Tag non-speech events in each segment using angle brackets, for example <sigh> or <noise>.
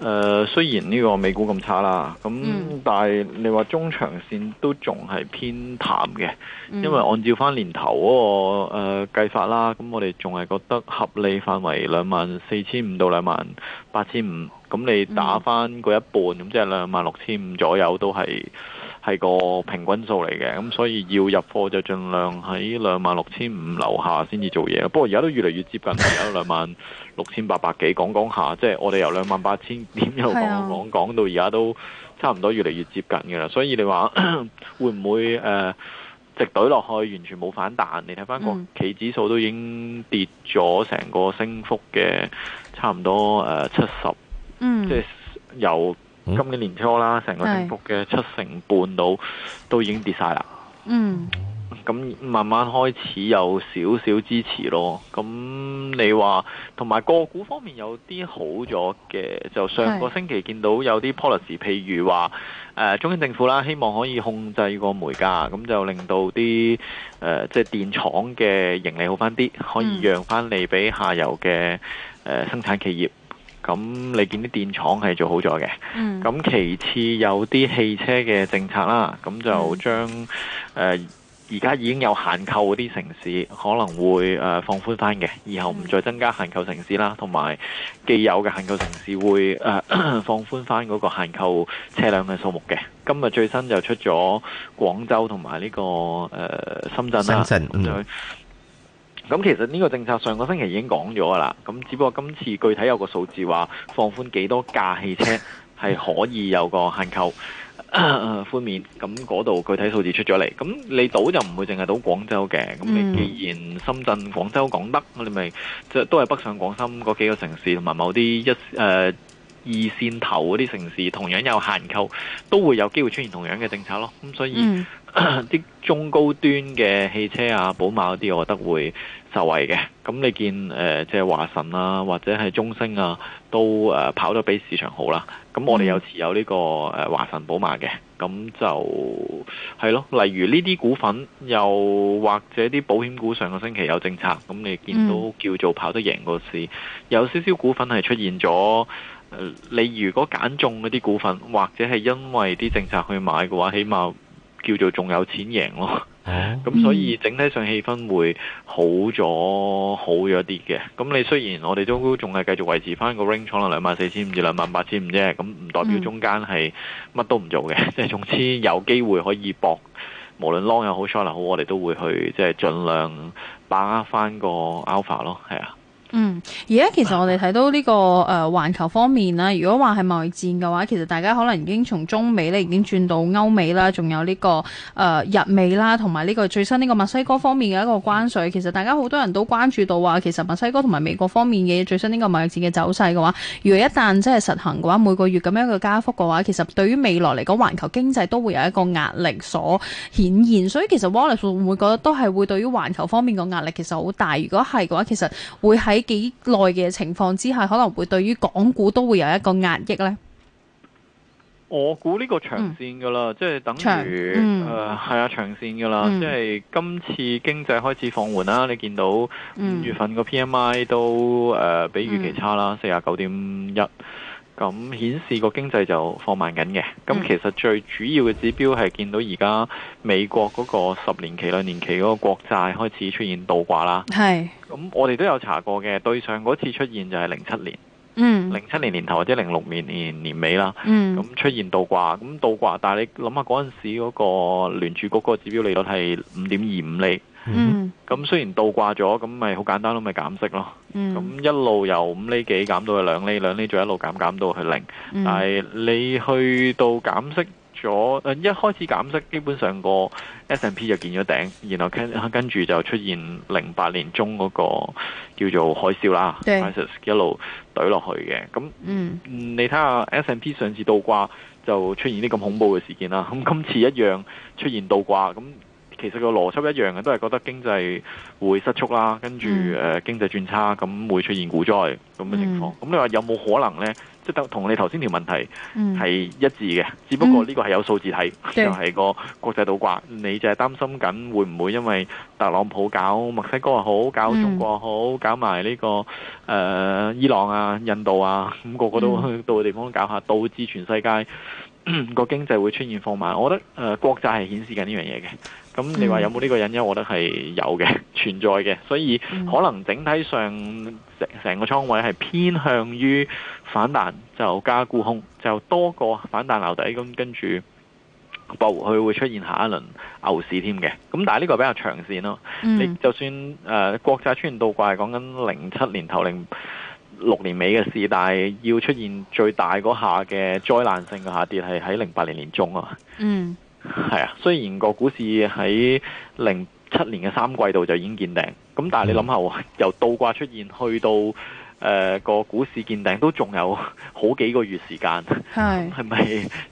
誒、呃，雖然呢個美股咁差啦，咁、嗯、但係你話中長線都仲係偏淡嘅，因為按照翻年頭嗰、嗰個誒計、呃、法啦，咁我哋仲係覺得合理範圍兩萬四千五到兩萬八千五，咁你打翻嗰一半，咁即係兩萬六千五左右都係。係個平均數嚟嘅，咁、嗯、所以要入貨就盡量喺兩萬六千五樓下先至做嘢。不過而家都越嚟越接近了，而家兩萬六千八百幾，講講下，即、就、係、是、我哋由兩萬八千點又講講講到而家都差唔多，越嚟越接近嘅啦。所以你話 <coughs> 會唔會誒、呃、直隊落去，完全冇反彈？你睇翻個期指數都已經跌咗成個升幅嘅，差唔多誒七十，即係由。70, <coughs> 今年年初啦，整個成個升幅嘅七成半到是都已經跌晒啦。嗯，咁慢慢開始有少少支持咯。咁你話，同埋個股方面有啲好咗嘅，就上個星期見到有啲 policy，是譬如話誒、呃、中央政府啦，希望可以控制個煤價，咁就令到啲誒、呃、即係電廠嘅盈利好翻啲，可以讓翻嚟，俾下游嘅誒、呃、生產企業。嗯嗯咁你見啲電廠係做好咗嘅，咁其次有啲汽車嘅政策啦，咁就將誒而家已經有限購嗰啲城市可能會誒放寬翻嘅，以後唔再增加限購城市啦，同埋既有嘅限購城市會誒放寬翻嗰個限購車輛嘅數目嘅。今日最新就出咗廣州同埋呢個誒深圳啦，嗯。咁其實呢個政策上個星期已經講咗噶啦，咁只不過今次具體有個數字話放寬幾多架汽車係可以有個限購、 <laughs> 呃、寬免，咁嗰度具體數字出咗嚟。咁你倒就唔會淨係到廣州嘅，咁你既然深圳、廣州港、講得、嗯、你咪即都係北上廣深嗰幾個城市同埋某啲一、呃、二線頭嗰啲城市，同樣有限購，都會有機會出現同樣嘅政策咯。咁所以啲、嗯、 <laughs> 中高端嘅汽車啊，寶馬嗰啲，我覺得會。就係嘅，咁你見誒、呃，即係華晨啦，或者係中升啊，都誒、呃、跑得比市場好啦、啊。咁我哋有持有呢個誒華晨寶馬嘅，咁就係咯。例如呢啲股份又，又或者啲保險股，上個星期有政策，咁你見到叫做跑得贏個市，有少少股份係出現咗。你、呃、如，如果揀中嗰啲股份，或者係因為啲政策去買嘅話，起碼。叫做仲有錢贏咯，咁 <laughs> 所以整體上氣氛會好咗好咗啲嘅。咁你雖然我哋都仲係繼續維持翻個 range 倉啦，兩萬四千五至兩萬八千五啫，咁唔代表中間係乜都唔做嘅，即係總之有機會可以搏，無論 long 又好 short 又好，我哋都會去即係盡量把握翻個 alpha 咯，係啊。嗯，而家其實我哋睇到呢個誒環球方面啦，如果話係貿易戰嘅話，其實大家可能已經從中美咧已經轉到歐美啦，仲有呢個誒日美啦，同埋呢個最新呢個墨西哥方面嘅一個關稅，其實大家好多人都關注到話，其實墨西哥同埋美國方面嘅最新呢個貿易戰嘅走勢嘅話，如果一旦真係實行嘅話，每個月咁樣嘅加幅嘅話，其實對於未來嚟講環球經濟都會有一個壓力所顯現。所以其實 Wallace 會唔會覺得都係會對於環球方面嘅壓力其實好大？如果係嘅話其實會喺喺幾耐嘅情況之下，可能會對於港股都會有一個壓抑呢？我估呢個長線噶啦，嗯、即係等於誒係啊長線噶啦，嗯、即係今次經濟開始放緩啦。嗯、你見到五月份個 P M I 都誒、呃、比預期差啦，四十九點一。咁顯示個經濟就放慢緊嘅。咁其實最主要嘅指標係見到而家美國嗰個十年期兩年期嗰個國債開始出現倒掛啦。咁係我哋都有查過嘅，對上嗰次出現就係零七年。嗯。零七年年頭或者零六年年年尾啦。嗯。咁出現倒掛，咁倒掛，但係你諗下嗰陣時嗰個聯儲局嗰個指標利率係五點二五厘。嗯，咁、嗯、雖然倒掛咗，咁咪好簡單咯，咪、就是、減息咯。咁、嗯、一路由五厘幾減到去兩厘，兩厘再一路減減到去零、嗯。但係你去到減息咗，誒，一開始減息基本上個 S&P 就見咗頂，然後跟住就出現零八年中嗰個叫做海嘯啦，對 ises, 一路懟落去嘅。咁，嗯、你睇下 S&P 上次倒掛就出現啲咁恐怖嘅事件啦。咁今次一樣出現倒掛咁。其實個邏輯一樣嘅，都係覺得經濟會失速啦，跟住誒、嗯呃、經濟轉差，咁會出現股災咁嘅情況。咁、嗯嗯、你話有冇可能呢？即係同你頭先條問題係一致嘅，嗯、只不過呢個係有數字睇，嗯、就係個國際倒掛。你就係擔心緊會唔會因為特朗普搞墨西哥好，搞中國好，搞埋、這、呢個誒、呃、伊朗啊、印度啊，咁個個都去到地方搞下，導致、嗯、全世界。個 <laughs> 經濟會出現放慢，我覺得誒、呃、國債係顯示緊呢樣嘢嘅。咁你話有冇呢個隱憂？嗯、我覺得係有嘅存在嘅。所以可能整體上成成個倉位係偏向於反彈，就加沽空就多過反彈留底。咁跟住，部佢會出現下一輪牛市添嘅。咁但係呢個比較長線咯。你就算誒、呃、國債出現倒掛，係講緊零七年頭零。六年尾嘅事，但係要出現最大嗰下嘅災難性嘅下跌，係喺零八年年中啊。嗯，係啊。雖然個股市喺零七年嘅三季度就已經見頂，咁但係你諗下，由倒掛出現去到誒、呃個股市見頂，都仲有好幾個月時間。係咪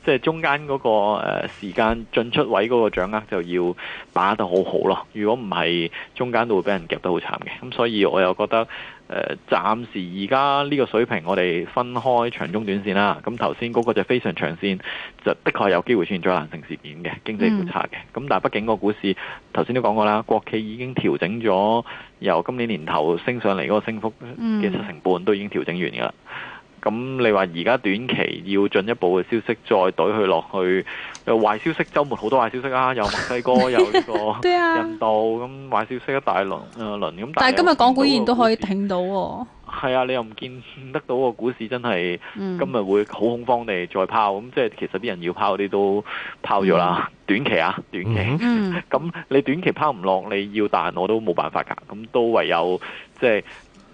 即係中間嗰個誒時間進出位嗰個掌握就要把握得好好咯？如果唔係，中間都會俾人夾得好慘嘅。咁所以我又覺得。誒，呃、暫時而家呢個水平，我哋分開長中短線啦。咁頭先嗰個就非常長線，就的確有機會出現災難性事件嘅經濟摩擦嘅。咁、嗯、但係畢竟個股市，頭先都講過啦，國企已經調整咗由今年年頭升上嚟嗰個升幅嘅七成半都已經調整完噶啦。咁你話而家短期要進一步嘅消息再懟佢落去，又壞消息，周末好多壞消息啊，有墨西哥，有個印度，咁壞消息一大輪，輪咁。但係今日港股依然都可以挺到。係啊，你又唔見得到個股市真係今日會好恐慌地再拋，咁即係其實啲人要拋啲都拋咗啦。短期啊，短期，咁你短期拋唔落，你要彈我都冇辦法噶，咁都唯有即係。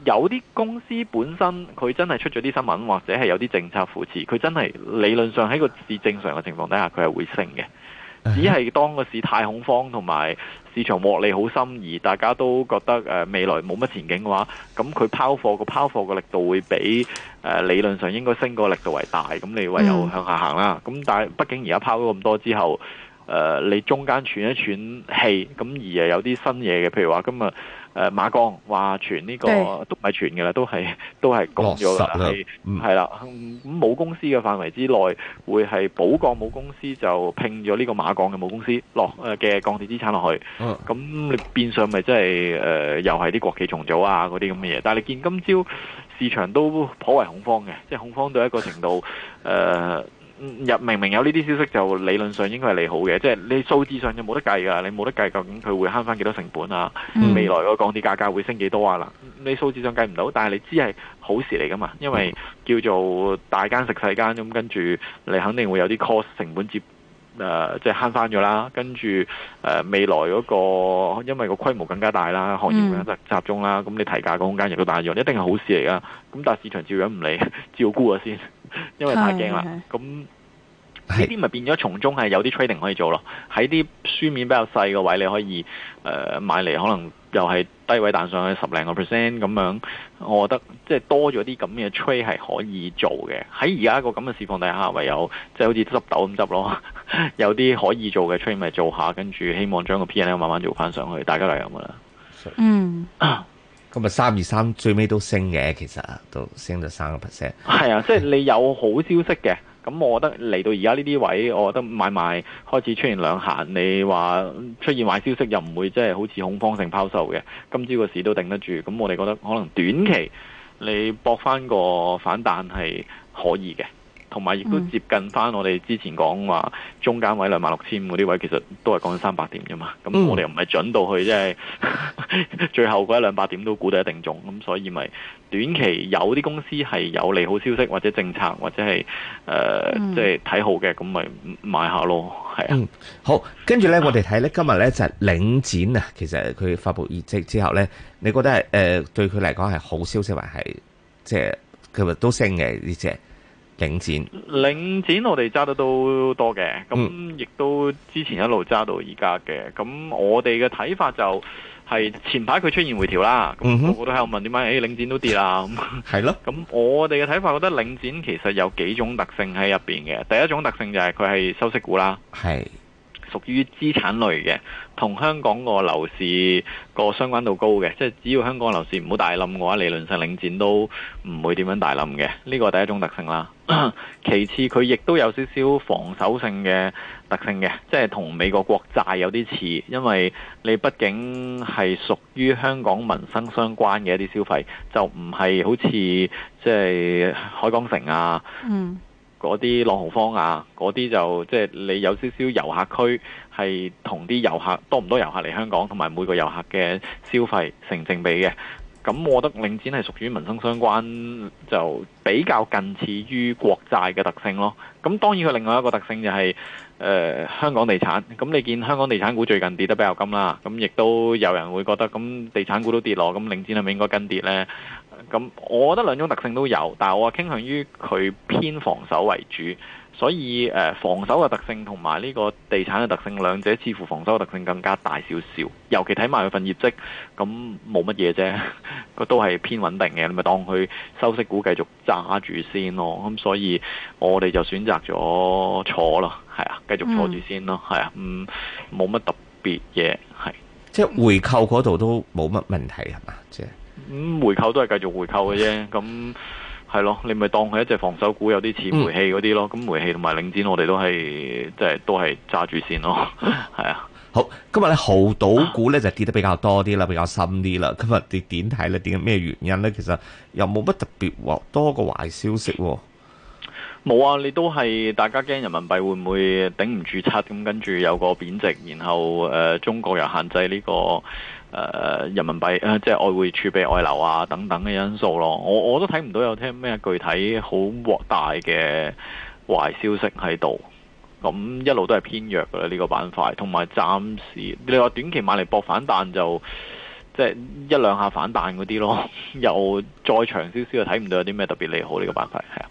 有啲公司本身佢真係出咗啲新聞，或者係有啲政策扶持，佢真係理論上喺個市正常嘅情況底下，佢係會升嘅。只係當個市太恐慌，同埋市場獲利好深而大家都覺得誒、呃、未來冇乜前景嘅話，咁佢拋貨個拋貨嘅力度會比誒、呃、理論上應該升個力度為大，咁你唯有向下行啦。咁、嗯、但係畢竟而家拋咗咁多之後，誒、呃，你中間喘一喘氣，咁而又有啲新嘢嘅，譬如話今日。誒、呃，馬鋼話傳呢個對都唔係傳嘅啦，都係都係講咗啦，係係啦，咁母是、嗯嗯、公司嘅範圍之內會係寶鋼母公司就拼咗呢個馬鋼嘅母公司落誒嘅鋼鐵資產落去，咁你、嗯、變相咪即係誒又係啲國企重組啊嗰啲咁嘅嘢，但係你見今朝市場都頗為恐慌嘅，即係恐慌到一個程度誒。呃入明明有呢啲消息就理論上應該係利好嘅，即係你數字上就冇得計㗎，你冇得計究竟佢會慳翻幾多成本啊？嗯、未來嗰個鋼鐵價格會升幾多啊？你數字上計唔到，但係你知係好事嚟㗎嘛？因為叫做大間食細間咁，跟住你肯定會有啲 cost 成本接即係慳翻咗啦。跟住、呃、未來嗰、嗰個因為個規模更加大啦，行業更加集中啦，咁、嗯、你提價個空間亦都大咗，一定係好事嚟㗎。咁但係市場照樣唔理，照沽啊先。因為太驚啦，咁呢啲咪變咗從中係有啲 trading 可以做咯，喺啲書面比較細個位你可以誒、呃、買嚟，可能又係低位彈上去十零個 percent 咁樣，我覺得即係、就是、多咗啲咁嘅 trade 係可以做嘅，喺而家個咁嘅市況底下唯有即係、就是、好似執豆咁執咯， <laughs> 有啲可以做嘅 trade 咪做下，跟住希望將個 PNL 慢慢做翻上去，大家都係咁噶啦，嗯。是是 <laughs> 今日三二三最尾都升嘅，其實都升咗三個 percent。係啊，即係你有好消息嘅，咁 <laughs> 我覺得嚟到而家呢啲位，我覺得買賣開始出現兩行，你話出現壞消息又唔會即係好似恐慌性拋售嘅，今朝個市都頂得住。咁我哋覺得可能短期你搏翻個反彈係可以嘅。同埋亦都接近翻我哋之前講話中間位兩萬六千五啲位，其實都係講緊三百點啫嘛。咁我哋又唔係準到去，即係最後嗰一兩百點都估到一定中。咁所以咪短期有啲公司係有利好消息，或者政策，或者係即係睇好嘅，咁咪買下咯。係啊，好。跟住呢，我哋睇呢今日呢就係領展啊。其實佢發佈業績之後呢，你覺得係對佢嚟講係好消息，還係即係佢咪都升嘅呢隻？領展，領展我哋揸得都多嘅，咁亦都之前一路揸到而家嘅，咁我哋嘅睇法就係前排佢出現回調啦，咁、嗯、哼我都喺度問點解，誒，領展都跌啦，係咯 <laughs> 的，咁我哋嘅睇法覺得領展其實有幾種特性喺入邊嘅，第一種特性就係佢係收息股啦，係。屬於資產類嘅，同香港個樓市個相關度高嘅，即係只要香港樓市唔好大冧嘅話，理論上領展都唔會點樣大冧嘅。呢個係第一種特性啦。 <coughs> 其次，佢亦都有少少防守性嘅特性嘅，即係同美國國債有啲似，因為你畢竟係屬於香港民生相關嘅一啲消費，就唔係好似即係海港城啊。嗯。嗰啲朗豪坊啊，嗰啲就即係、就是、你有少少遊客區是些客，係同啲遊客多唔多遊客嚟香港，同埋每個遊客嘅消費成正比嘅。咁我覺得領展係屬於民生相關，就比較近似於國債嘅特性咯。咁當然佢另外一個特性就係、是、誒、呃、香港地產。咁你見香港地產股最近跌得比較金啦，咁亦都有人會覺得咁地產股都跌落，咁領展係咪應該跟跌咧？咁，我覺得兩種特性都有，但我係傾向於佢偏防守為主，所以、呃、防守嘅特性同埋呢個地產嘅特性，兩者似乎防守嘅特性更加大少少。尤其睇埋佢份業績，咁冇乜嘢啫，佢都係偏穩定嘅，你咪當佢收息股繼續揸住先咯。咁所以我哋就選擇咗坐咯，係啊，繼續坐住先咯，係、嗯、啊，嗯，冇乜特別嘢，係即係回購嗰度都冇乜問題，係嘛，即係。咁回購都係繼續回購嘅啫，咁係咯，你咪當佢一隻防守股，有啲似煤氣嗰啲咯。咁、嗯、煤氣同埋領展，我哋都係即係都係揸住先咯。係啊，好，今日咧濠賭股咧就跌得比較多啲啦，比較深啲啦。今日跌點睇咧？點解咩原因咧？其實又冇乜特別或多嘅壞消息。冇啊，你都係大家驚人民幣會唔會頂唔住七，咁跟住有個貶值，然後誒、呃，中國又限制呢、這個。誒、呃、人民幣、呃、即係外匯儲備外流啊，等等嘅因素咯。我我都睇唔到有啲咩具體好惡大嘅壞消息喺度。咁一路都係偏弱嘅咧，呢、呢個板塊。同埋暫時你話短期買嚟搏反彈就即係、就係、一兩下反彈嗰啲咯。又再長少少又睇唔到有啲咩特別利好呢、呢個板塊，係啊。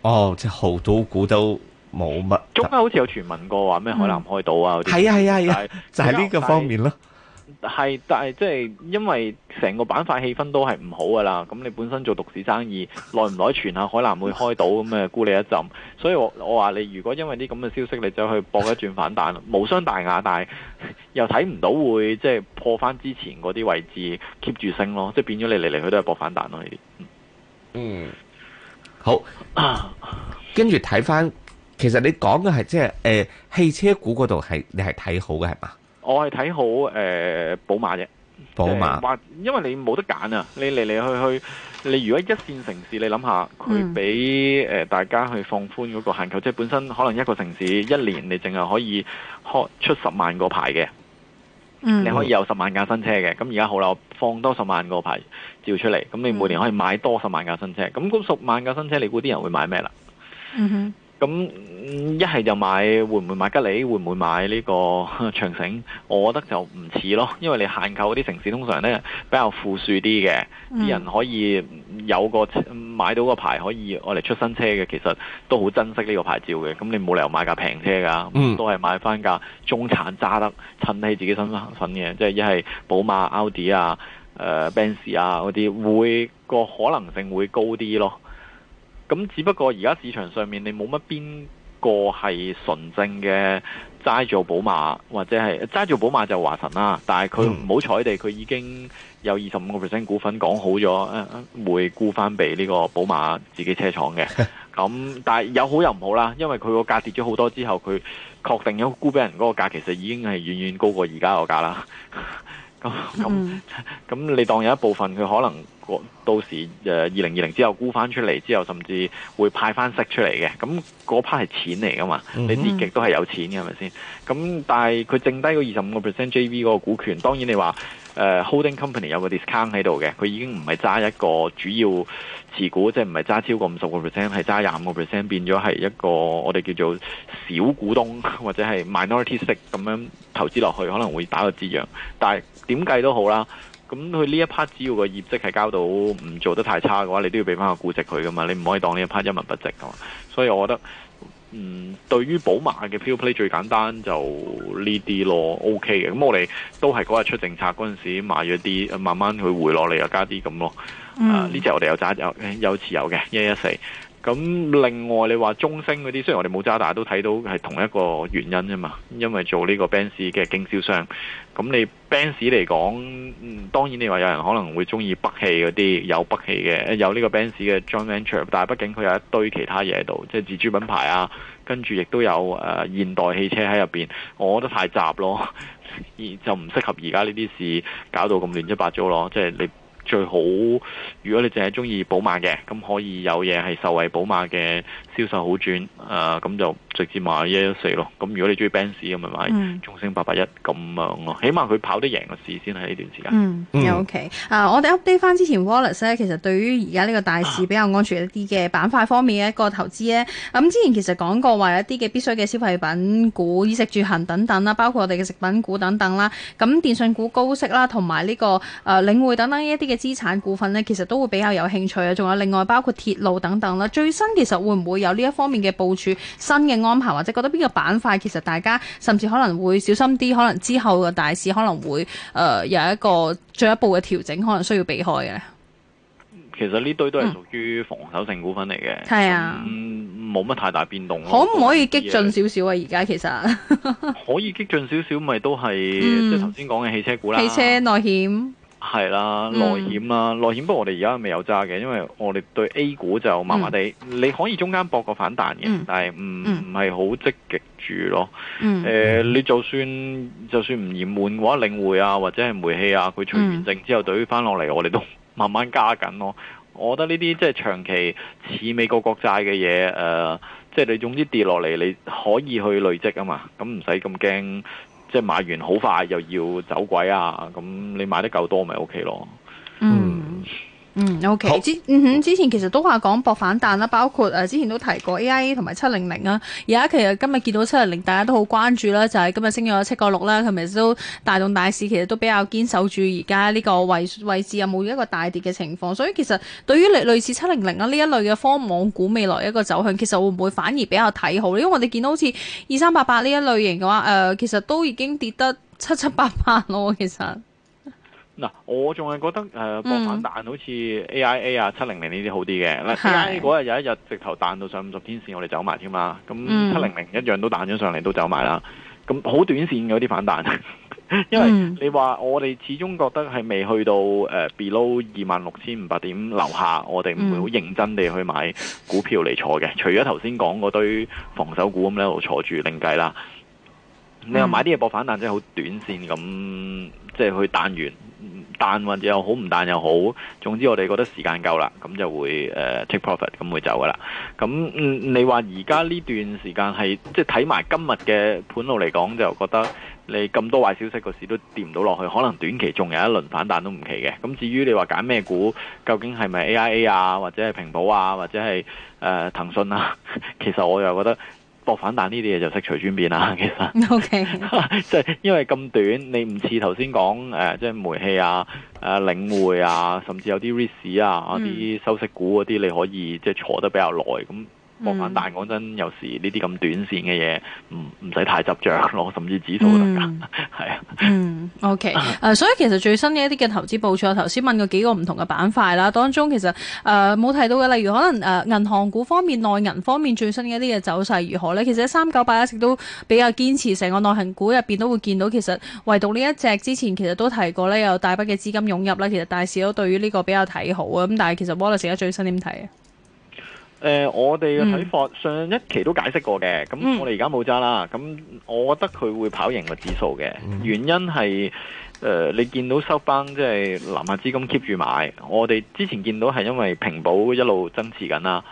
哦，即係好多股都冇乜。中間好似有傳聞過話咩海南開島啊，係啊係啊係啊，就係、係、呢個方面咯。係，但係即係，因為成個板塊氣氛都係唔好噶啦。咁你本身做獨市生意，耐唔耐傳下海南會開島咁啊，沽你一浸。所以我我話你，如果因為啲咁嘅消息，你就去搏一轉反彈，無傷大雅，但係又睇唔到會即係、就是、破翻之前嗰啲位置，keep 住升咯，即係變咗你嚟嚟去都係搏反彈咯呢啲。嗯，好。跟住睇翻，其實你講嘅係即係誒，汽車股嗰度係你係睇好嘅係嘛？是我係睇好誒寶馬嘅，寶馬，寶馬、呃。因為你冇得揀啊，你嚟嚟去去，你如果一線城市，你諗下佢俾誒大家去放寬嗰個限購，嗯、即係本身可能一個城市一年你淨係可以出十萬個牌嘅，嗯、你可以有十萬架新車嘅。咁而家好啦，放多十萬個牌照出嚟，咁你每年可以買多十萬架新車。咁嗰十萬架新車，你估啲人會買咩啦？嗯哼。咁一係就買會唔會買吉利，會唔會買呢個長城？我覺得就唔似咯，因為你限購嗰啲城市通常呢比較富庶啲嘅、嗯、人，可以有個買到個牌可以攞嚟出新車嘅，其實都好珍惜呢個牌照嘅。咁你冇理由買架平車㗎，嗯、都係買翻架中產揸得，襯起自己身份嘅，即係一係寶馬、奧迪啊、呃、Benz 啊嗰啲，會個可能性會高啲咯。咁，只不過而家市場上面你冇乜邊個係純正嘅齋做寶馬，或者係齋做寶馬就華晨啦。但係佢唔好彩地，佢已經有二十五個 percent 股份講好咗，會沽翻俾呢個寶馬自己車廠嘅。咁 <laughs> 但係有好有唔好啦，因為佢個價跌咗好多之後，佢確定咗沽俾人嗰個價，其實已經係遠遠高過而家個價啦。咁咁咁，那 <laughs> <laughs> 你當有一部分佢可能？到時誒二零二零之後沽翻出嚟之後，甚至會派翻息出嚟嘅。咁嗰 part 係錢嚟噶嘛？Mm hmm. 你跌極都係有錢嘅，係咪先？咁但係佢剩低個二十五個 percent JV 嗰個股權，當然你話、呃、holding company 有個 discount 喺度嘅，佢已經唔係揸一個主要持股，即係唔係揸超過五十個 percent，係揸廿五個 percent，變咗係一個我哋叫做小股東或者係 minority 息咁樣投資落去，可能會打個折讓。但係點計都好啦。咁佢呢一 part 只要個業績係交到，唔做得太差嘅話，你都要俾翻個估值佢噶嘛，你唔可以當呢一 part 一文不值噶嘛。所以我覺得，嗯，對於寶馬嘅票 play 最簡單就呢啲咯，OK 嘅。咁我哋都係嗰日出政策嗰陣時買咗啲，慢慢佢回落嚟又加啲咁咯。呢隻、嗯啊這個、我哋有揸有持有嘅一一四。咁另外你話中升嗰啲，雖然我哋冇揸，但係都睇到係同一個原因啫嘛，因為做呢個 banks 嘅經銷商。咁你 Benz 嚟講，嗯，當然你話有人可能會中意北汽嗰啲有北汽嘅，有呢個 Benz 嘅 Joint Venture，但係畢竟佢有一堆其他嘢喺度，即係自主品牌啊，跟住亦都有誒、呃、現代汽車喺入邊，我覺得太雜咯，而就唔適合而家呢啲事搞到咁亂七八糟咯，即係你。最好，如果你淨係中意寶馬嘅，咁可以有嘢係受惠寶馬嘅銷售好轉，誒、呃，咁就直接買一一四咯。咁如果你中意 Benz 咁，咪買中升八八一咁樣咯。起碼佢跑得贏個市先喺呢段時間。嗯，OK。啊、嗯，uh, 我哋 update 翻之前 Wallace 咧，其實對於而家呢個大市比較安全一啲嘅板塊方面嘅一個投資咧。咁、啊嗯、之前其實講過話一啲嘅必需嘅消費品股、衣食住行等等啦，包括我哋嘅食品股等等啦。咁電信股高息啦，同埋呢個誒、呃、領匯等等一啲嘅。資產股份呢，其實都會比較有興趣啊。仲有另外包括鐵路等等啦。最新其實會唔會有呢一方面嘅部署新嘅安排，或者覺得邊個板塊其實大家甚至可能會小心啲，可能之後嘅大市可能會誒、呃、有一個進一步嘅調整，可能需要避開嘅。其實呢堆都係屬於防守性股份嚟嘅，係啊、嗯，冇乜、嗯、太大變動。可唔可以激進少少啊？而家其實 <laughs> 可以激進少少，咪都係即係頭先講嘅汽車股啦，汽車內險。係啦，內險啦，內險、啊嗯、不過我哋而家未有揸嘅，因為我哋對 A 股就麻麻地，嗯、你可以中間博個反彈嘅，嗯、但係唔唔係好積極住咯。誒、嗯呃，你就算就算唔嫌悶嘅話，領匯啊或者係煤氣啊，佢、啊、除完淨之後懟翻落嚟，嗯、我哋都慢慢加緊咯。我覺得呢啲即係長期似美國國債嘅嘢，誒、呃，即、就、係、是、你總之跌落嚟，你可以去累積啊嘛，咁唔使咁驚。即係買完好快又要走鬼啊！咁你買得夠多咪 OK 咯。嗯。嗯，O K，之嗯哼，OK, 好之前其實都話講博反彈啦，包括誒之前都提過 A I A 同埋七零零啦。而家其實今日見到七零零，大家都好關注啦，就係、是、今日升咗七個六啦，同埋都大動大市，其實都比較堅守住而家呢個位位置，有冇一個大跌嘅情況？所以其實對於類似七零零啊呢一類嘅科網股未來一個走向，其實會唔會反而比較睇好？因為我哋見到好似二三八八呢一類型嘅話，誒、呃、其實都已經跌得七七八八咯，其實。嗱，我仲係覺得誒搏、呃、反彈、嗯、好似 AIA 啊、七零零呢啲好啲嘅。嗱，AIA 嗰日有一日直頭彈到上五十天線，我哋走埋添啦。咁七零零一樣都彈咗上嚟，都走埋啦。咁好短線嗰啲反彈，因為你話我哋始終覺得係未去到、呃、below 二萬六千五百點樓下，我哋唔會好認真地去買股票嚟坐嘅。除咗頭先講嗰堆防守股咁咧，度坐住另計啦。你又買啲嘢搏反彈，即係好短線咁，即係去彈完，彈或者又好唔彈又好，總之我哋覺得時間夠啦，咁就會誒、uh, take profit，咁會走噶啦。咁、嗯、你話而家呢段時間係即係睇埋今日嘅盤路嚟講，就覺得你咁多壞消息個市都跌唔到落去，可能短期仲有一輪反彈都唔奇嘅。咁至於你話揀咩股，究竟係咪 AIA 啊，或者係平保啊，或者係誒、uh, 騰訊啊，其實我又覺得。博反彈呢啲嘢就識隨轉變啦，其實，即係 Okay. <laughs> 因為咁短，你唔似頭先講誒、即係煤氣啊、誒、呃、領匯啊，甚至有啲 risk 啊、啲、啊、收息股啲，你可以即、係、坐得比較耐咁。博翻，但講、嗯、真，有時呢啲咁短線嘅嘢，唔唔使太執着，咯，甚至指數得噶，係啊、嗯。 <laughs> 是嗯，OK，誒、uh,，所以其實最新嘅一啲嘅投資部署，我頭先問過幾個唔同嘅板塊啦，當中其實誒冇、uh, 提到嘅，例如可能誒銀、uh, 行股方面、內銀方面最新嘅一啲嘅走勢如何呢？其實三九八一直都比較堅持，成個內行股入邊都會見到，其實唯獨呢一隻之前其實都提過呢，有大筆嘅資金湧入啦。其實大市都對於呢個比較睇好啊，咁但係其實 Wallace 而家最新點睇啊？誒、呃，我哋嘅睇法、mm. 上一期都解釋過嘅，咁我哋而家冇揸啦。咁我覺得佢會跑贏個指數嘅，mm. 原因係誒、呃，你見到 Southbound 即係南下資金 keep 住買。我哋之前見到係因為平保一路增持緊啦。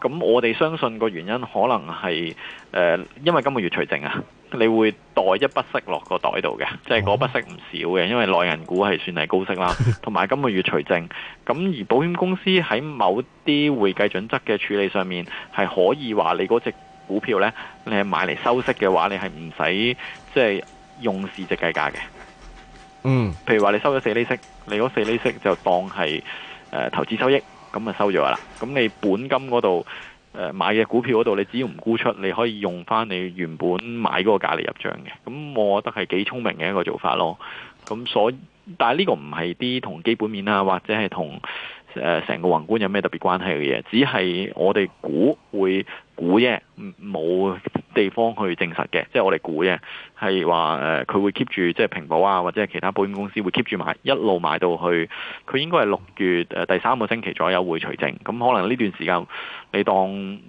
咁我哋相信個原因可能係誒、呃，因為今個月除淨啊，你會袋一筆息落個袋度嘅，即係嗰筆息唔少嘅，因為內銀股係算係高息啦，同埋今個月除淨。咁而保險公司喺某啲會計準則嘅處理上面，係可以話你嗰隻股票呢，你係買嚟收息嘅話，你係唔使即係用市值計價嘅。嗯，譬如話你收咗四厘息，你嗰四厘息就當係、呃、投資收益。咁咪收咗啦。咁你本金嗰度，呃，買嘅股票嗰度，你只要唔沽出，你可以用翻你原本買嗰個價嚟入賬嘅。咁我覺得係幾聰明嘅一個做法咯。咁所，但係呢個唔係啲同基本面啊，或者係同成個宏觀有咩特別關係嘅嘢，只係我哋估會。估啫，冇地方去證實嘅，即係我哋估啫，係話誒，佢、呃、會 keep 住即係平保啊，或者係其他保險公司會 keep 住買，一路買到去，佢應該係六月誒、呃、第三個星期左右會除淨，咁可能呢段時間你當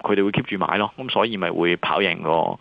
佢哋會 keep 住買咯，咁所以咪會跑贏咯。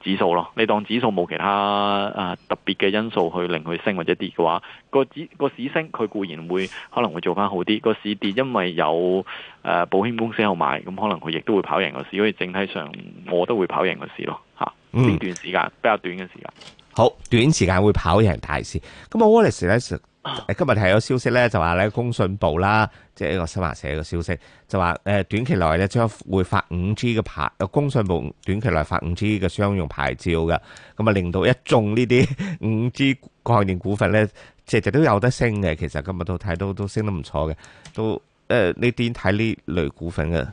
指數咯，你當指數冇其他啊特別嘅因素去令佢升或者跌嘅話，個指個市升，佢固然會可能會做翻好啲；個市跌，因為有誒保險公司有賣，咁可能佢亦都會跑贏個市，所以整體上我都會跑贏個市咯。吓呢段時間比較短嘅時間，嗯，好，短時間會跑贏大市。咁啊，Wallace 咧就。今日睇到消息咧，就話咧，工信部啦，即係一個新華社嘅消息，就話誒，短期內咧將會發五 G 嘅牌，誒，工信部短期內發五 G 嘅商用牌照嘅，咁啊令到一眾呢啲五 G 概念股份咧，隻隻都有得升嘅。其實今日都睇到都升得唔錯嘅，都誒、呃，你點睇呢類股份嘅？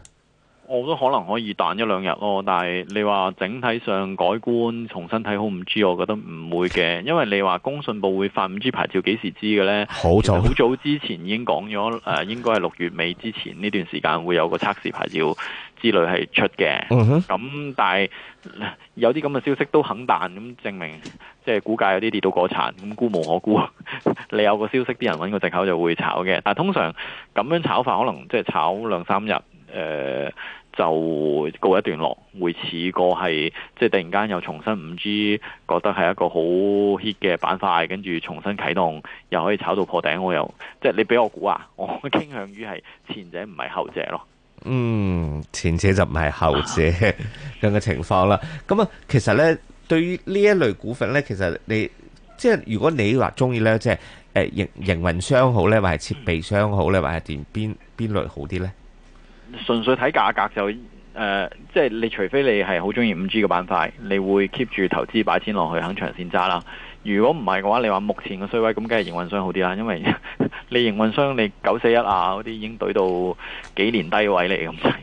我都可能可以彈一兩日咯，但係你話整體上改觀重新睇好 5G，我覺得唔會嘅，因為你話工信部會發 5G 牌照幾時知嘅呢？好早好早之前已經講咗、呃，應該係六月尾之前呢段時間會有個測試牌照之類係出嘅。咁、嗯、哼但係有啲咁嘅消息都肯彈，咁證明即係股價有啲跌到過殘，咁估無可估。 <laughs> 你有個消息，啲人揾個藉口就會炒嘅。但通常咁樣炒法，可能即係炒兩三日。誒、呃，就告一段落，會似過，係即係突然間又重新五 G，覺得係一個好 hit 嘅板塊，跟住重新啟動又可以炒到破頂。我又即係你俾我估啊，我傾向於係前者唔係後者咯。嗯，前者就唔係後者咁嘅、啊、情況啦。咁、嗯、啊，其實咧對於呢一類股份咧，其實你即係如果你話中意咧，即係誒、呃、營營運商好咧，或係設備商好咧，或係電邊邊類好啲咧？純粹睇價格就誒、呃，即係你除非你係好中意五 G 嘅板塊，你會 keep 住投資擺錢落去，肯長線揸啦。如果唔係嘅話，你話目前嘅衰位，咁梗係營運商好啲啦，因為 <laughs> 你營運商你九四一啊嗰啲已經對到幾年低位嚟咁，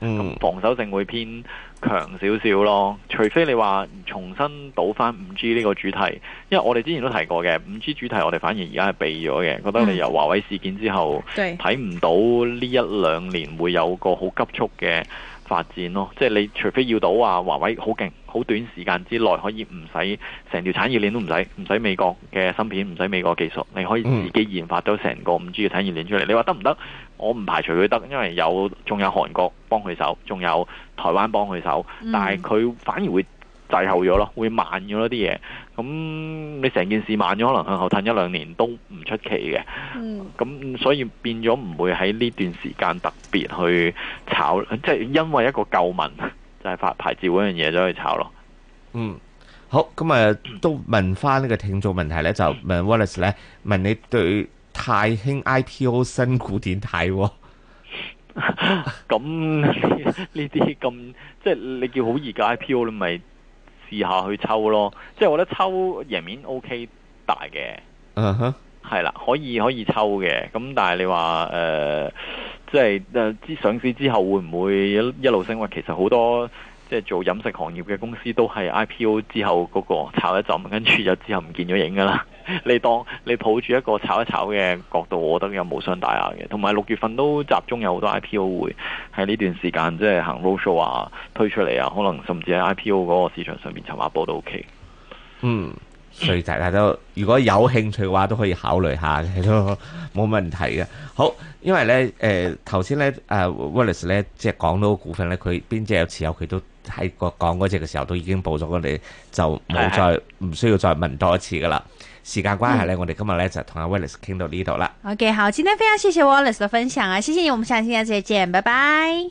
嗯，防守性會偏強少少咯，除非你話重新賭返五 G 呢個主題，因為我哋之前都提過嘅五 G 主題，我哋反而而家係避咗嘅，覺得你由華為事件之後睇唔、嗯、到呢一兩年會有個好急速嘅發展咯。即係你除非要賭啊，華為好勁，好短時間之內可以唔使成條產業鏈都唔使唔使美國嘅芯片，唔使美國技術，你可以自己研發到成個五 G 嘅產業鏈出嚟。你話得唔得？我唔排除佢得，因為有仲有韓國幫佢手，仲有。台灣幫佢手，但係佢反而會滯後咗咯，會慢咗咯啲嘢。咁你成件事慢咗，可能向後褪一兩年都唔出奇嘅。咁所以變咗唔會喺呢段時間特別去炒，即係因為一個舊聞就係發牌照嗰樣嘢走去炒咯。嗯，好，咁啊，都問翻呢個聽眾問題咧，就問 Wallace 咧，問你對泰興 IPO 新股點睇？咁。呢啲咁即係你叫好易嘅 IPO 咧，你咪試下去抽咯。即係我覺得抽贏面 OK 大嘅，嗯哼，係啦，可以可以抽嘅。咁但係你話誒，即係誒，上市之後會唔會一路升？哇，其實好多。即係做飲食行業嘅公司都係 IPO 之後嗰個炒一陣，跟住就之後唔見咗影㗎啦。 <laughs> 你當你抱住一個炒一炒嘅角度，我覺得有無傷大雅嘅。同埋六月份都集中有好多 IPO 會喺呢段時間，即係行 roadshow 啊、推出嚟啊，可能甚至喺 IPO 嗰個市場上面，尋下波都 OK。嗯，所以大家都 <coughs> 如果有興趣嘅話，都可以考慮下嘅都冇問題嘅。好，因為呢，誒頭先呢，誒、uh, Wallace 咧即係講到股份呢，佢邊隻有持有佢都。喺講嗰隻嘅時候都已經補咗，我哋就冇再唔需要再問多一次噶啦。時間關係咧，我哋今日咧就同阿 Wallace 傾到呢度啦。OK，好，今天非常謝謝 Wallace 嘅分享啊！謝謝你，我們下期再見，拜拜。